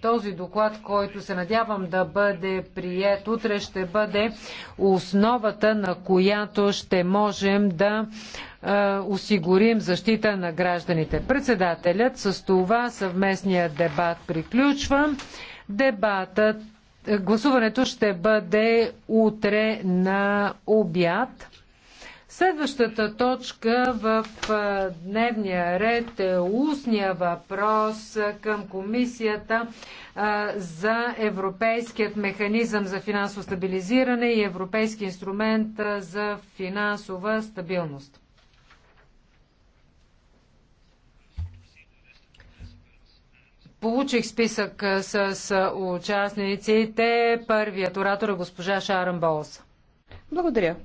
този доклад, който се надявам да бъде прият утре, ще бъде основата, на която ще можем да е, осигурим защита на гражданите. Председателят с това съвместния дебат приключва. Дебатът, гласуването ще бъде утре на обяд. Следващата точка в дневния ред е устния въпрос към комисията за Европейският механизъм за финансово стабилизиране и Европейски инструмент за финансова стабилност. Получих списък с участниците. Първият оратор е госпожа Шаран Болс. Благодаря.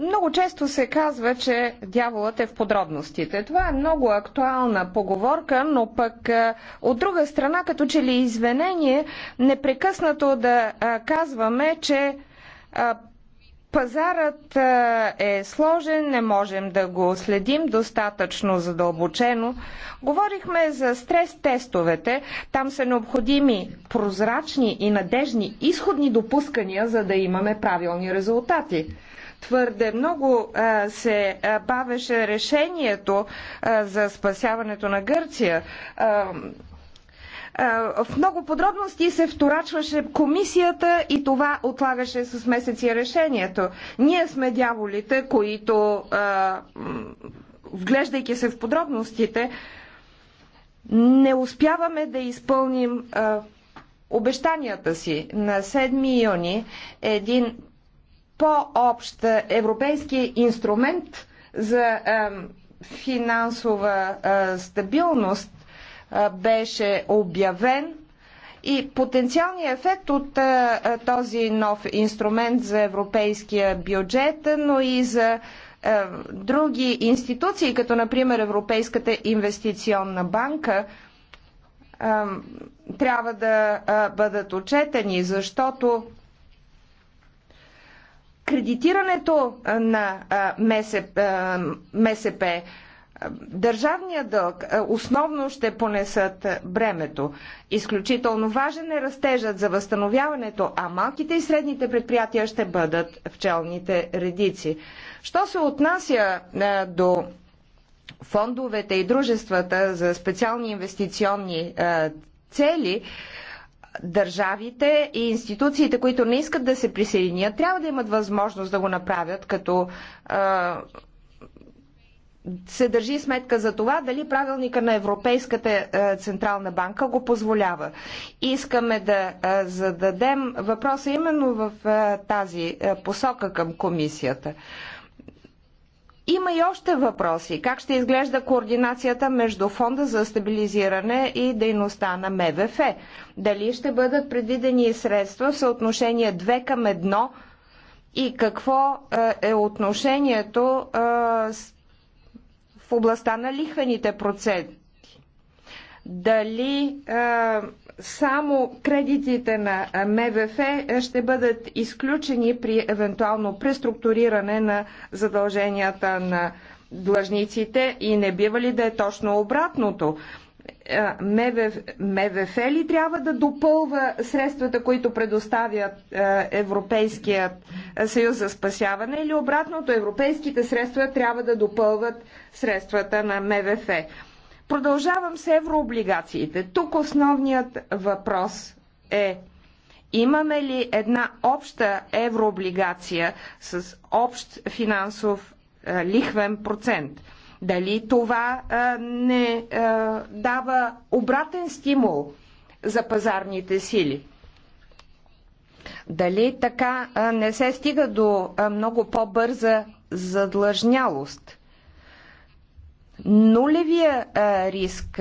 Много често се казва, че дяволът е в подробностите. Това е много актуална поговорка, но пък е, от друга страна, като че ли извинение, непрекъснато да е, казваме, че е, пазарът е сложен, не можем да го следим достатъчно задълбочено. Говорихме за стрес-тестовете. Там са необходими прозрачни и надежни изходни допускания, за да имаме правилни резултати. Твърде много се бавеше решението за спасяването на Гърция в много подробности се вторачваше комисията и това отлагаше с месеци решението. Ние сме дяволите, които, вглеждайки се в подробностите, не успяваме да изпълним обещанията си. На 7 юни един по-общ европейски инструмент за финансова стабилност беше обявен и потенциалният ефект от този нов инструмент за европейския бюджет, но и за други институции, като например Европейската инвестиционна банка, трябва да бъдат отчетени, защото кредитирането на МСП, държавния дълг основно ще понесат бремето. Изключително важен е растежът за възстановяването, а малките и средните предприятия ще бъдат в челните редици. Що се отнася до фондовете и дружествата за специални инвестиционни цели, държавите и институциите, които не искат да се присъединят, трябва да имат възможност да го направят, като а, се държи сметка за това дали правилника на Европейската а, Централна банка го позволява. Искаме да а, зададем въпроса именно в а, тази а, посока към комисията. А, има и още въпроси. Как ще изглежда координацията между Фонда за стабилизиране и дейността на МВФ? Дали ще бъдат предвидени средства в съотношение 2 към 1 и какво е, е отношението е, в областта на лихвените проценти? Дали е, само кредитите на МВФ ще бъдат изключени при евентуално преструктуриране на задълженията на длъжниците и не бива ли да е точно обратното? Е, МВФ, МВФ ли трябва да допълва средствата, които предоставят е, Европейският съюз за спасяване или обратното, европейските средства трябва да допълват средствата на МВФ? Продължавам с еврооблигациите. Тук основният въпрос е имаме ли една обща еврооблигация с общ финансов а, лихвен процент? Дали това а, не а, дава обратен стимул за пазарните сили? Дали така не се стига до много по-бърза задлъжнялост? нулевия риск,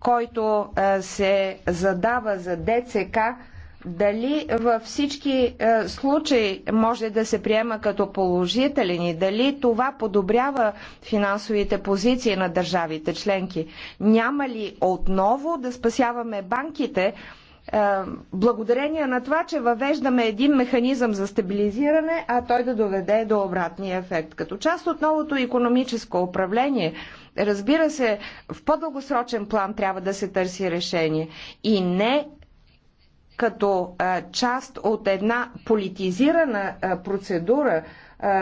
който се задава за ДЦК, дали във всички случаи може да се приема като положителен и дали това подобрява финансовите позиции на държавите членки? Няма ли отново да спасяваме банките е, благодарение на това, че въвеждаме един механизъм за стабилизиране, а той да доведе до обратния ефект. Като част от новото економическо управление, разбира се, в по-дългосрочен план трябва да се търси решение и не като е, част от една политизирана е, процедура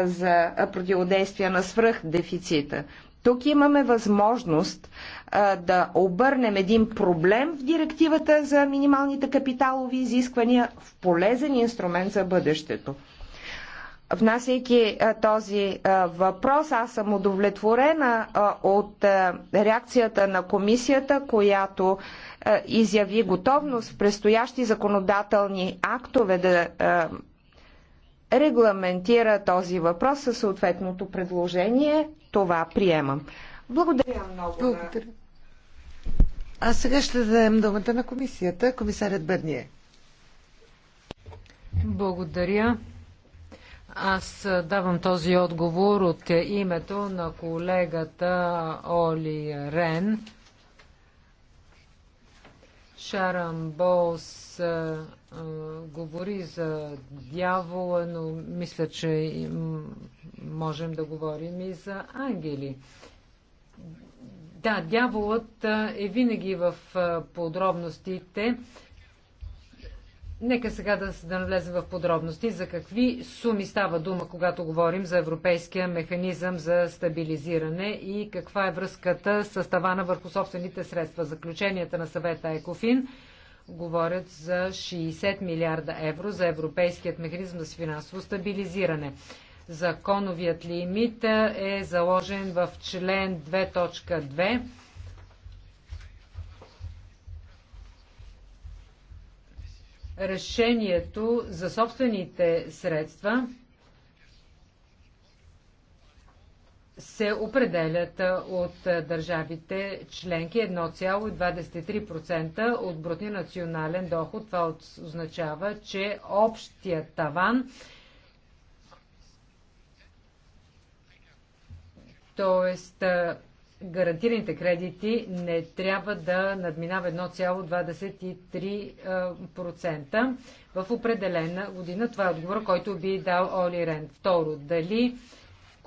за противодействие на свръхдефицита. Тук имаме възможност а, да обърнем един проблем в директивата за минималните капиталови изисквания в полезен инструмент за бъдещето. Внасяйки а, този а, въпрос, аз съм удовлетворена а, от а, реакцията на комисията, която а, изяви готовност в предстоящи законодателни актове да а, регламентира този въпрос със съответното предложение. Това приемам. Благодаря много. Благодаря. А сега ще дадем думата на комисията. Комисарят Бърние. Благодаря. Аз давам този отговор от името на колегата Оли Рен Шарам Болс а, говори за дявола, но мисля, че можем да говорим и за ангели. Да, дяволът е винаги в подробностите. Нека сега да, да навлезем в подробности за какви суми става дума, когато говорим за европейския механизъм за стабилизиране и каква е връзката с тавана върху собствените средства. Заключенията на съвета ЕКОФИН говорят за 60 милиарда евро за европейският механизъм за финансово стабилизиране. Законовият лимит е заложен в член 2.2 решението за собствените средства се определят от държавите членки 1,23% от брутния национален доход. Това означава, че общият таван т.е гарантираните кредити не трябва да надминава 1,23% в определена година. Това е отговор, който би дал Оли Рен. Второ, дали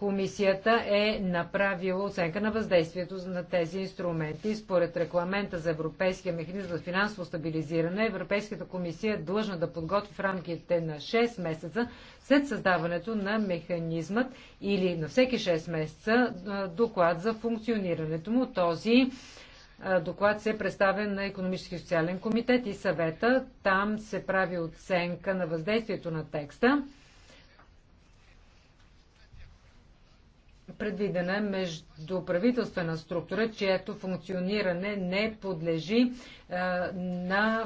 Комисията е направила оценка на въздействието на тези инструменти. Според регламента за Европейския механизъм за финансово стабилизиране, Европейската комисия е длъжна да подготви в рамките на 6 месеца след създаването на механизмът или на всеки 6 месеца доклад за функционирането му. Този доклад се представя на Економически и социален комитет и съвета. Там се прави оценка на въздействието на текста предвидена е правителствена структура, чието функциониране не подлежи на,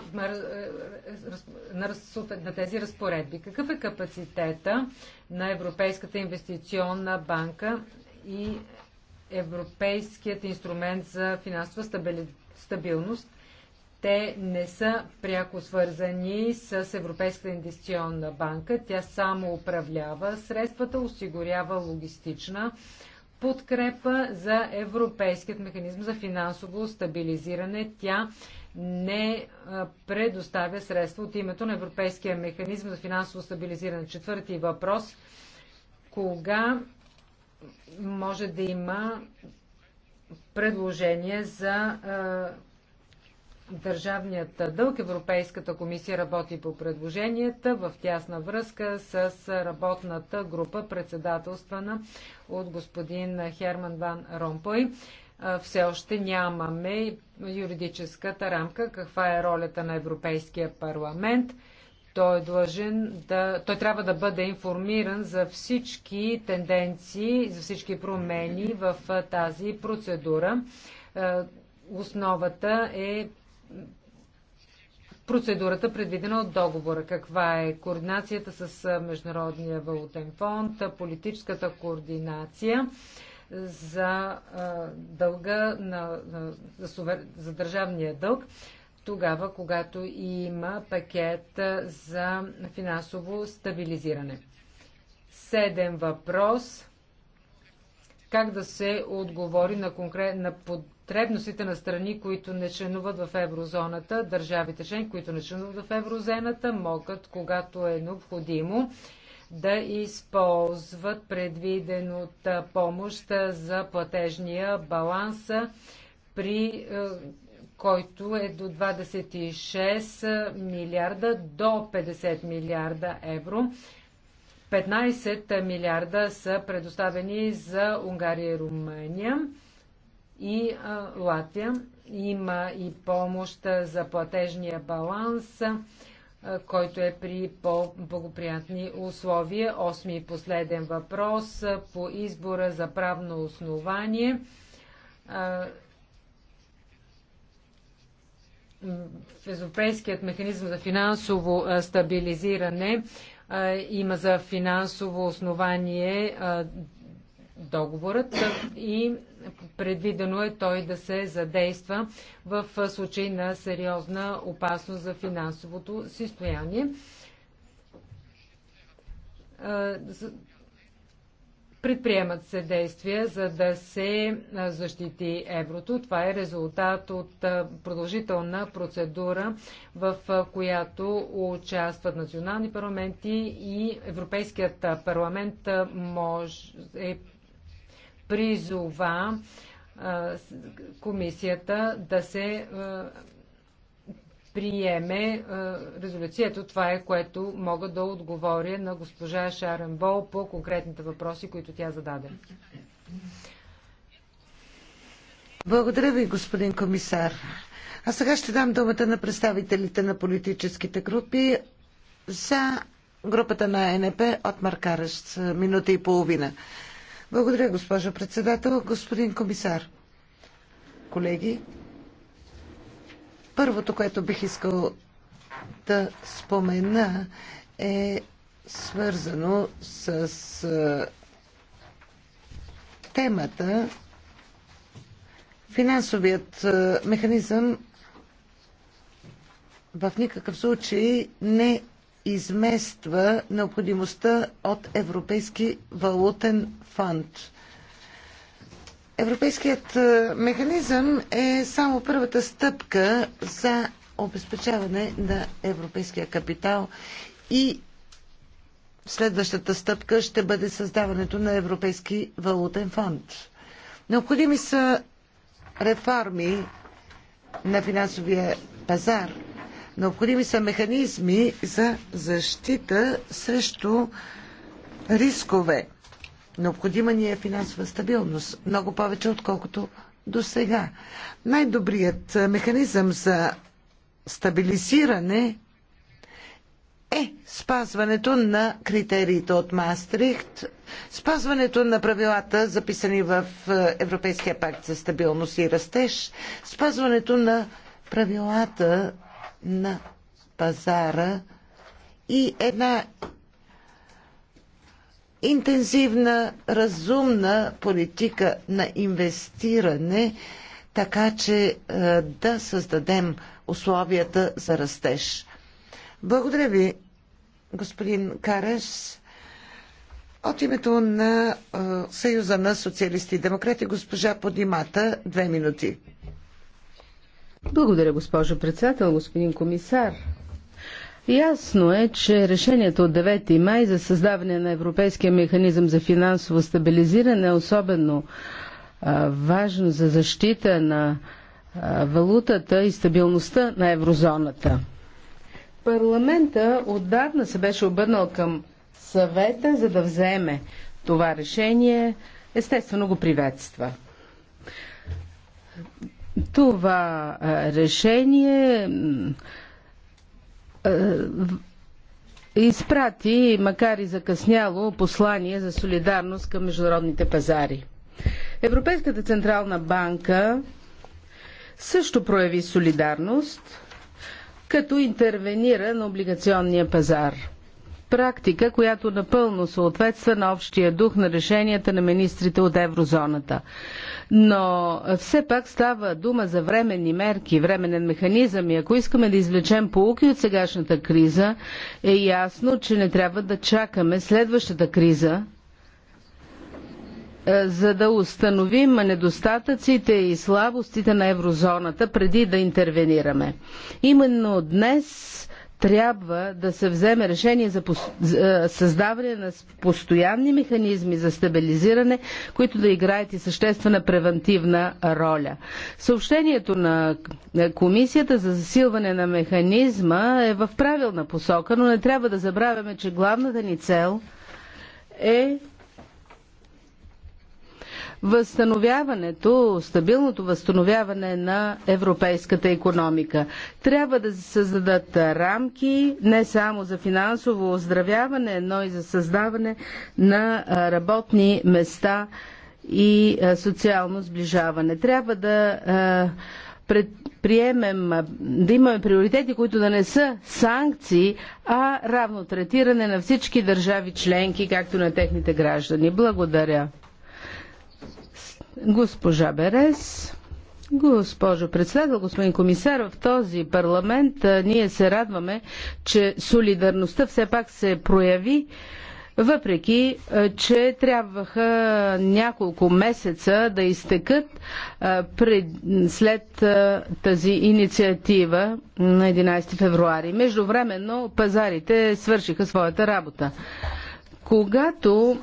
на, на тези разпоредби. Какъв е капацитета на Европейската инвестиционна банка и Европейският инструмент за финансова стабилност? Те не са пряко свързани с Европейска инвестиционна банка. Тя само управлява средствата, осигурява логистична подкрепа за Европейският механизъм за финансово стабилизиране. Тя не предоставя средства от името на Европейския механизъм за финансово стабилизиране. Четвърти въпрос. Кога може да има предложение за държавният дълг. Европейската комисия работи по предложенията в тясна връзка с работната група, председателствана от господин Херман Ван Ромпой. Все още нямаме юридическата рамка, каква е ролята на Европейския парламент. Той е длъжен да. Той трябва да бъде информиран за всички тенденции, за всички промени в тази процедура основата е процедурата, предвидена от договора. Каква е координацията с Международния валутен фонд, политическата координация за дълга на, за, сувер... за държавния дълг, тогава, когато има пакет за финансово стабилизиране. Седем въпрос. Как да се отговори на, конкрет, на под потребностите на страни, които не членуват в еврозоната, държавите член, които не членуват в еврозоната, могат, когато е необходимо, да използват предвидената помощ за платежния баланс, при е, който е до 26 милиарда до 50 милиарда евро. 15 милиарда са предоставени за Унгария и Румъния и а, Латвия. Има и помощ за платежния баланс, а, който е при по-благоприятни условия. Осми и последен въпрос а, по избора за правно основание. В Европейският механизъм за финансово стабилизиране има за финансово основание договорът и предвидено е той да се задейства в случай на сериозна опасност за финансовото състояние. Предприемат се действия, за да се защити еврото. Това е резултат от продължителна процедура, в която участват национални парламенти и Европейският парламент може, е призова комисията да се приеме резолюцията. Това е което мога да отговоря на госпожа Шарен Бол по конкретните въпроси, които тя зададе. Благодаря ви, господин комисар. А сега ще дам думата на представителите на политическите групи за групата на е НП от Маркарещ. Минута и половина. Благодаря, госпожо председател. Господин комисар, колеги, първото, което бих искал да спомена е свързано с темата финансовият механизъм в никакъв случай не измества необходимостта от Европейски валутен фонд. Европейският е, механизъм е само първата стъпка за обезпечаване на европейския капитал и следващата стъпка ще бъде създаването на Европейски валутен фонд. Необходими са реформи на финансовия пазар – Необходими са механизми за защита срещу рискове. Необходима ни е финансова стабилност, много повече отколкото до сега. Най-добрият механизъм за стабилизиране е спазването на критериите от Мастрихт, спазването на правилата, записани в е, Европейския пакт за стабилност и растеж, спазването на правилата на пазара и една интензивна, разумна политика на инвестиране, така че е, да създадем условията за растеж. Благодаря ви, господин Кареш. От името на е, Съюза на социалисти и демократи, госпожа Подимата, две минути. Благодаря, госпожо председател, господин комисар. Ясно е, че решението от 9 май за създаване на Европейския механизъм за финансово стабилизиране е особено а, важно за защита на а, валутата и стабилността на еврозоната. Парламента отдавна се беше обърнал към съвета, за да вземе това решение. Естествено го приветства. Това решение изпрати, макар и закъсняло, послание за солидарност към международните пазари. Европейската централна банка също прояви солидарност, като интервенира на облигационния пазар – практика, която напълно съответства на общия дух на решенията на министрите от еврозоната. Но все пак става дума за временни мерки, временен механизъм и ако искаме да извлечем полуки от сегашната криза, е ясно, че не трябва да чакаме следващата криза, е, за да установим недостатъците и слабостите на еврозоната преди да интервенираме. Именно днес трябва да се вземе решение за е, създаване на постоянни механизми за стабилизиране, които да играят и съществена превентивна роля. Съобщението на Комисията за засилване на механизма е в правилна посока, но не трябва да забравяме, че главната ни цел е възстановяването, стабилното възстановяване на европейската економика. Трябва да се създадат рамки не само за финансово оздравяване, но и за създаване на работни места и социално сближаване. Трябва да предприемем, да имаме приоритети, които да не са санкции, а равно третиране на всички държави членки, както на техните граждани. Благодаря. Госпожа Берес, госпожо председател, господин комисар, в този парламент ние се радваме, че солидарността все пак се прояви въпреки че трябваха няколко месеца да изтекат пред, след тази инициатива на 11 февруари. Междувременно пазарите свършиха своята работа. Когато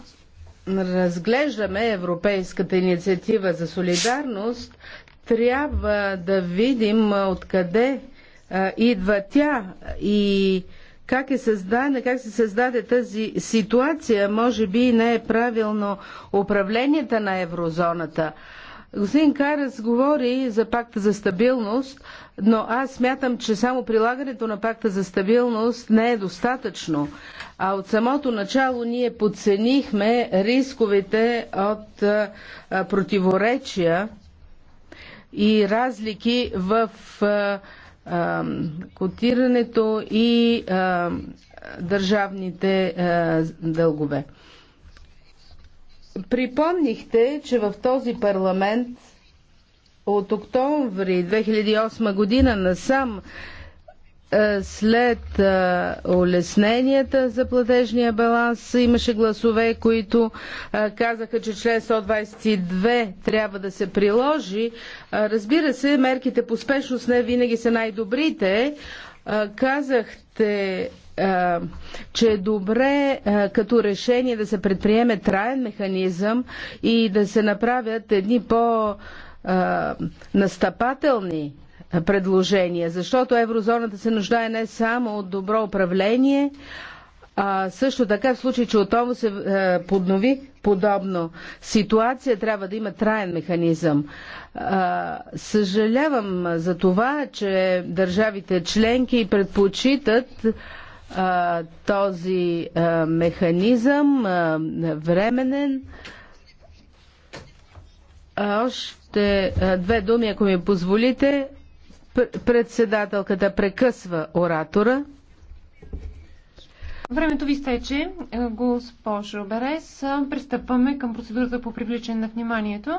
разглеждаме Европейската инициатива за солидарност, трябва да видим откъде идва тя и как е създадена, как се създаде тази ситуация. Може би не е правилно управлението на еврозоната. Господин Карас говори за пакта за стабилност, но аз смятам, че само прилагането на пакта за стабилност не е достатъчно. А от самото начало ние подценихме рисковете от противоречия и разлики в котирането и държавните дългове. Припомнихте, че в този парламент от октомври 2008 година насам е, след е, улесненията за платежния баланс имаше гласове, които е, казаха, че член 122 трябва да се приложи. Разбира се, мерките по спешност не винаги са най-добрите. Казахте е, че е добре е, като решение да се предприеме траен механизъм и да се направят едни по-настъпателни е, предложения, защото еврозоната се нуждае не само от добро управление, а, също така в случай, че отново се поднови подобно ситуация, трябва да има траен механизъм. съжалявам за това, че държавите членки предпочитат този механизъм временен. Още две думи, ако ми позволите. Председателката прекъсва оратора. Времето ви стече, госпожо Берес. Пристъпваме към процедурата по привличане на вниманието.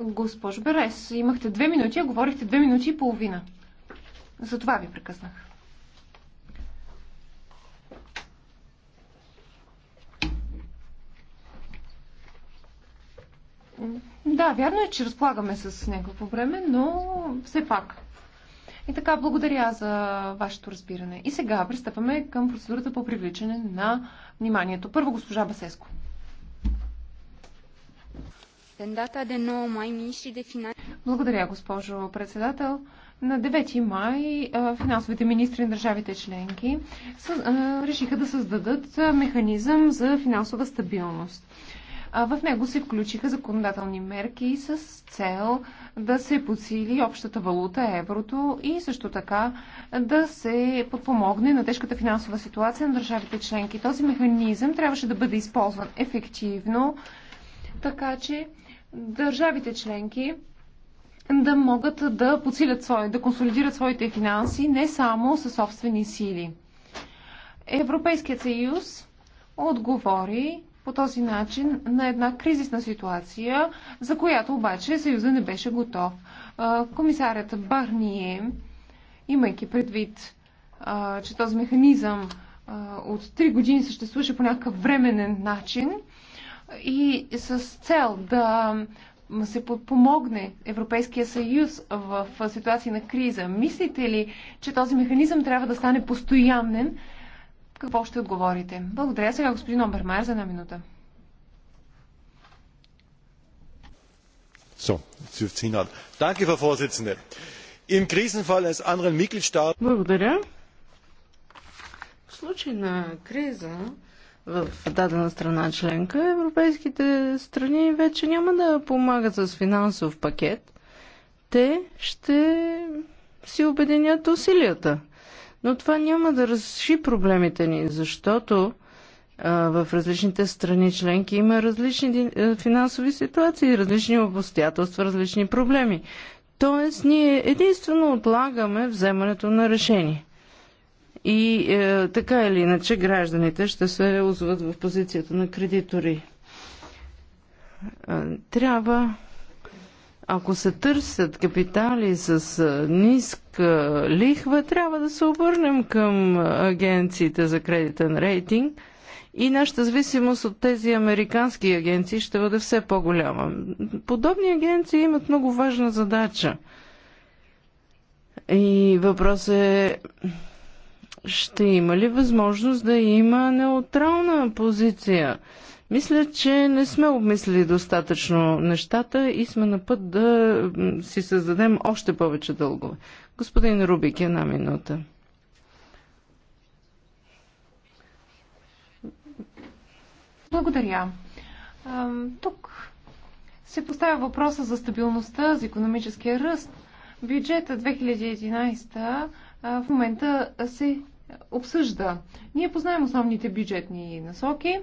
Госпожо Берес, имахте две минути, а говорихте две минути и половина. За това ви прекъснах. Да, вярно е, че разполагаме с някакво време, но все пак. И така, благодаря за вашето разбиране. И сега пристъпваме към процедурата по привличане на вниманието. Първо госпожа Басеско. Благодаря, госпожо председател. На 9 май финансовите министри на държавите членки решиха да създадат механизъм за финансова стабилност. В него се включиха законодателни мерки с цел да се подсили общата валута, еврото и също така да се подпомогне на тежката финансова ситуация на държавите членки. Този механизъм трябваше да бъде използван ефективно, така че държавите членки да могат да подсилят свои, да консолидират своите финанси не само със собствени сили. Европейският съюз отговори по този начин на една кризисна ситуация, за която обаче Съюза не беше готов. Комисарят Барние, имайки предвид, че този механизъм от 3 години съществуваше по някакъв временен начин, и с цел да се подпомогне Европейския съюз в ситуации на криза. Мислите ли, че този механизъм трябва да стане постоянен? Какво ще отговорите? Благодаря сега господин Обермайер за една минута. So, Danke, Frau Vorsitzende. Im Krisenfall eines anderen Mitgliedstaaten. Благодаря. В случай на криза в дадена страна членка, европейските страни вече няма да помагат с финансов пакет. Те ще си обединят усилията. Но това няма да разреши проблемите ни, защото а, в различните страни членки има различни финансови ситуации, различни обстоятелства, различни проблеми. Тоест, ние единствено отлагаме вземането на решение. И е, така или иначе гражданите ще се озват в позицията на кредитори. Е, трябва, ако се търсят капитали с е, ниска е, лихва, трябва да се обърнем към агенциите за кредитен рейтинг и нашата зависимост от тези американски агенции ще бъде все по-голяма. Подобни агенции имат много важна задача. И въпрос е ще има ли възможност да има неутрална позиция? Мисля, че не сме обмислили достатъчно нещата и сме на път да си създадем още повече дългове. Господин Рубик, една минута. Благодаря. Тук се поставя въпроса за стабилността, за економическия ръст. Бюджета 2011 в момента се обсъжда. Ние познаем основните бюджетни насоки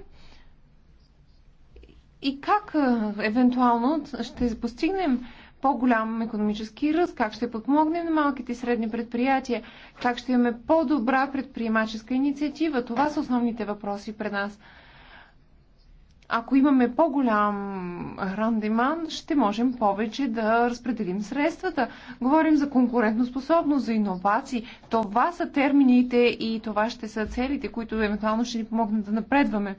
и как евентуално ще постигнем по-голям економически ръст, как ще подмогнем на малките и средни предприятия, как ще имаме по-добра предприемаческа инициатива. Това са основните въпроси пред нас. Ако имаме по-голям рандеман, ще можем повече да разпределим средствата. Говорим за конкурентоспособност, за иновации. Това са термините и това ще са целите, които евентуално ще ни помогнат да напредваме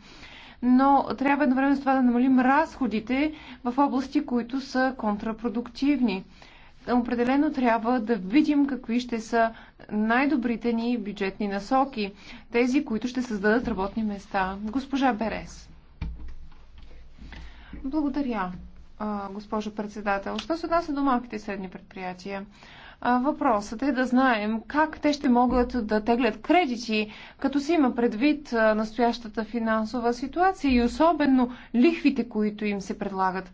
но трябва едновременно с това да намалим разходите в области, които са контрапродуктивни. Определено трябва да видим какви ще са най-добрите ни бюджетни насоки, тези, които ще създадат работни места. Госпожа Берес. Благодаря, госпожо председател. Що се отнася до малките и средни предприятия? Въпросът е да знаем как те ще могат да теглят кредити, като се има предвид настоящата финансова ситуация и особено лихвите, които им се предлагат.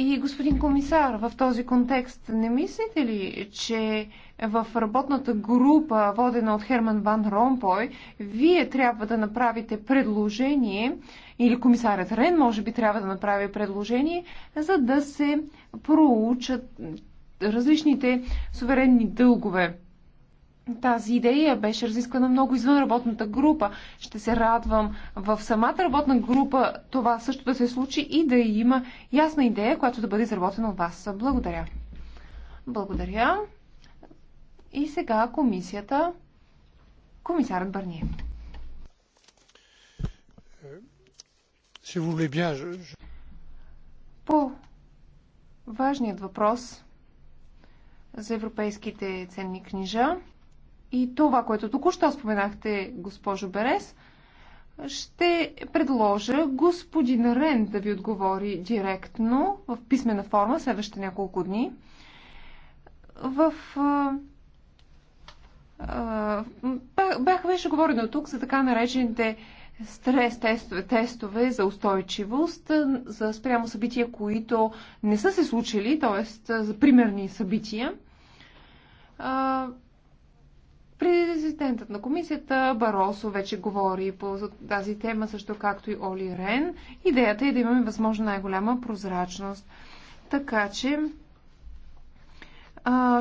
И господин комисар, в този контекст не мислите ли, че в работната група, водена от Херман Ван Ромпой, вие трябва да направите предложение, или комисарят Рен може би трябва да направи предложение, за да се проучат различните суверенни дългове? тази идея беше разисквана много извън работната група. Ще се радвам в самата работна група това също да се случи и да има ясна идея, която да бъде изработена от вас. Благодаря. Благодаря. И сега комисията. Комисарът Бърние. По важният въпрос за европейските ценни книжа, и това, което току-що споменахте, госпожо Берес, ще предложа господин Рен да ви отговори директно в писмена форма следващите няколко дни. В бях, беше говорено тук за така наречените стрес тестове, тестове за устойчивост, за спрямо събития, които не са се случили, т.е. за примерни събития. Президентът на комисията Баросо вече говори по тази тема, също както и Оли Рен. Идеята е да имаме възможно най-голяма прозрачност. Така че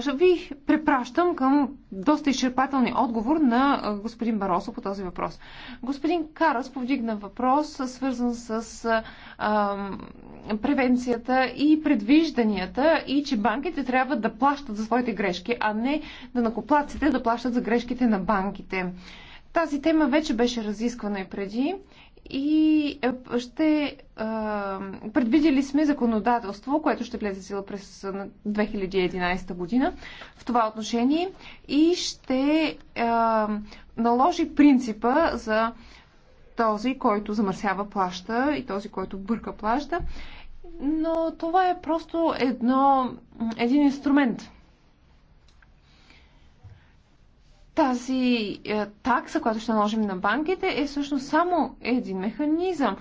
ще ви препращам към доста изчерпателни отговор на господин Баросо по този въпрос. Господин Карас повдигна въпрос, свързан с а, превенцията и предвижданията и че банките трябва да плащат за своите грешки, а не да накоплаците да плащат за грешките на банките. Тази тема вече беше разисквана и преди и е, ще а, предвидели сме законодателство, което ще влезе сила през 2011 година в това отношение и ще а, наложи принципа за този, който замърсява плаща и този, който бърка плаща. Но това е просто едно, един инструмент – тази е, такса, която ще наложим на банките, е всъщност само един механизъм,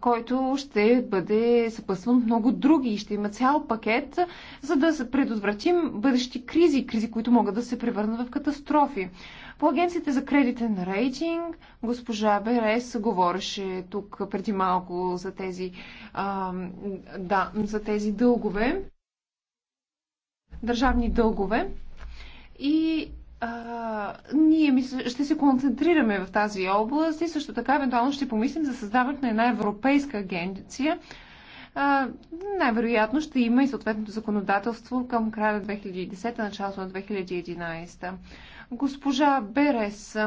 който ще бъде съпъсван много други и ще има цял пакет, за да предотвратим бъдещи кризи, кризи, които могат да се превърнат в катастрофи. По агенциите за кредитен рейтинг, госпожа Берес говореше тук преди малко за тези, а, да, за тези дългове, държавни дългове. И а, ние мисля, ще се концентрираме в тази област и също така евентуално ще помислим за създаването на една европейска агенция. най-вероятно ще има и съответното законодателство към края на 2010, началото на 2011. Госпожа Берес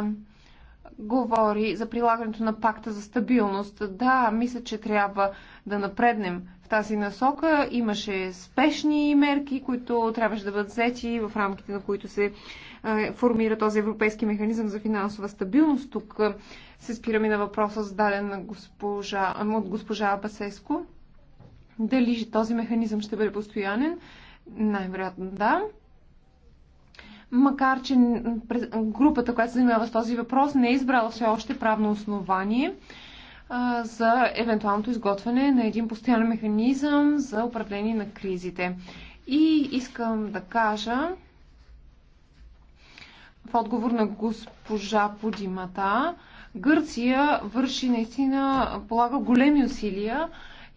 говори за прилагането на пакта за стабилност. Да, мисля, че трябва да напреднем в тази насока. Имаше спешни мерки, които трябваше да бъдат взети в рамките на които се формира този европейски механизъм за финансова стабилност. Тук се спираме на въпроса, зададен на госпожа, от госпожа Басеско. Дали този механизъм ще бъде постоянен? Най-вероятно да. Макар, че групата, която се занимава с този въпрос, не е избрала все още правно основание за евентуалното изготвяне на един постоянен механизъм за управление на кризите. И искам да кажа в отговор на госпожа Подимата, Гърция върши наистина, полага големи усилия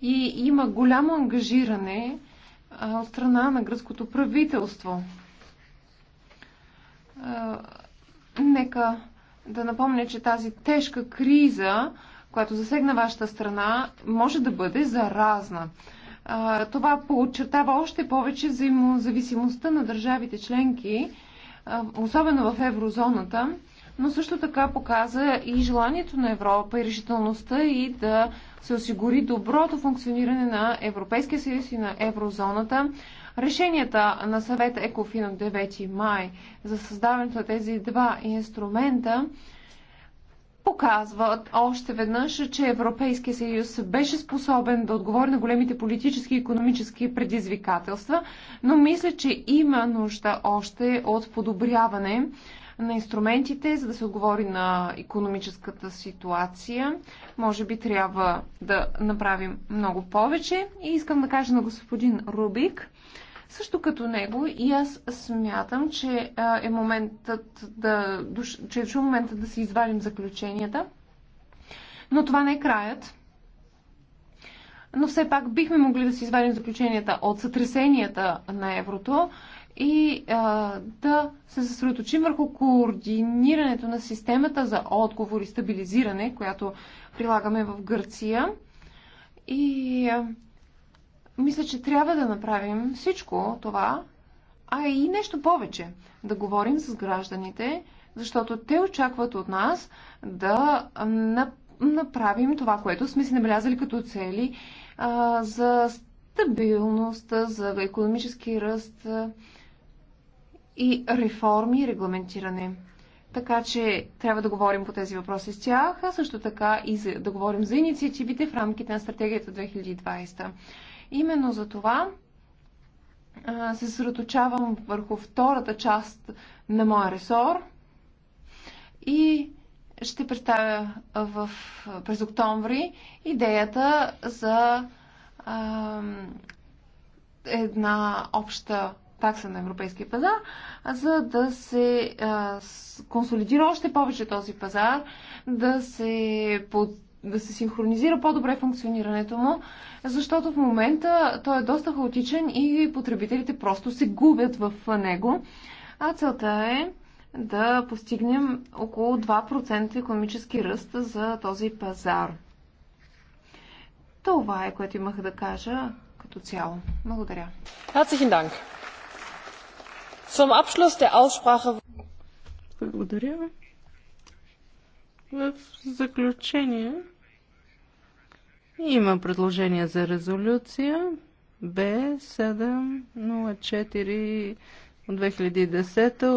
и има голямо ангажиране от страна на гръцкото правителство. Нека да напомня, че тази тежка криза която засегна вашата страна, може да бъде заразна. Това подчертава още повече взаимозависимостта на държавите членки, особено в еврозоната, но също така показа и желанието на Европа и решителността и да се осигури доброто функциониране на Европейския съюз и на еврозоната. Решенията на съвета ЕКОФИН от 9 май за създаването на тези два инструмента показват още веднъж, че Европейския съюз беше способен да отговори на големите политически и економически предизвикателства, но мисля, че има нужда още от подобряване на инструментите, за да се отговори на економическата ситуация. Може би трябва да направим много повече. И искам да кажа на господин Рубик, също като него и аз смятам, че е моментът да, че е дошъл моментът да си извадим заключенията. Но това не е краят. Но все пак бихме могли да си извадим заключенията от сътресенията на еврото и а, да се съсредоточим върху координирането на системата за отговор и стабилизиране, която прилагаме в Гърция. И а, мисля, че трябва да направим всичко това, а и нещо повече. Да говорим с гражданите, защото те очакват от нас да направим това, което сме си набелязали като цели за стабилност, за економически ръст и реформи и регламентиране. Така че трябва да говорим по тези въпроси с тях, а също така и за, да говорим за инициативите в рамките на стратегията 2020. Именно за това се съсредоточавам върху втората част на моя ресор и ще представя в, през октомври идеята за а, една обща такса на европейския пазар, за да се а, консолидира още повече този пазар, да се под да се синхронизира по-добре функционирането му, защото в момента той е доста хаотичен и потребителите просто се губят в него. А целта е да постигнем около 2% економически ръст за този пазар. Това е, което имах да кажа като цяло. Благодаря. Благодаря. В заключение има предложение за резолюция Б704 от 2010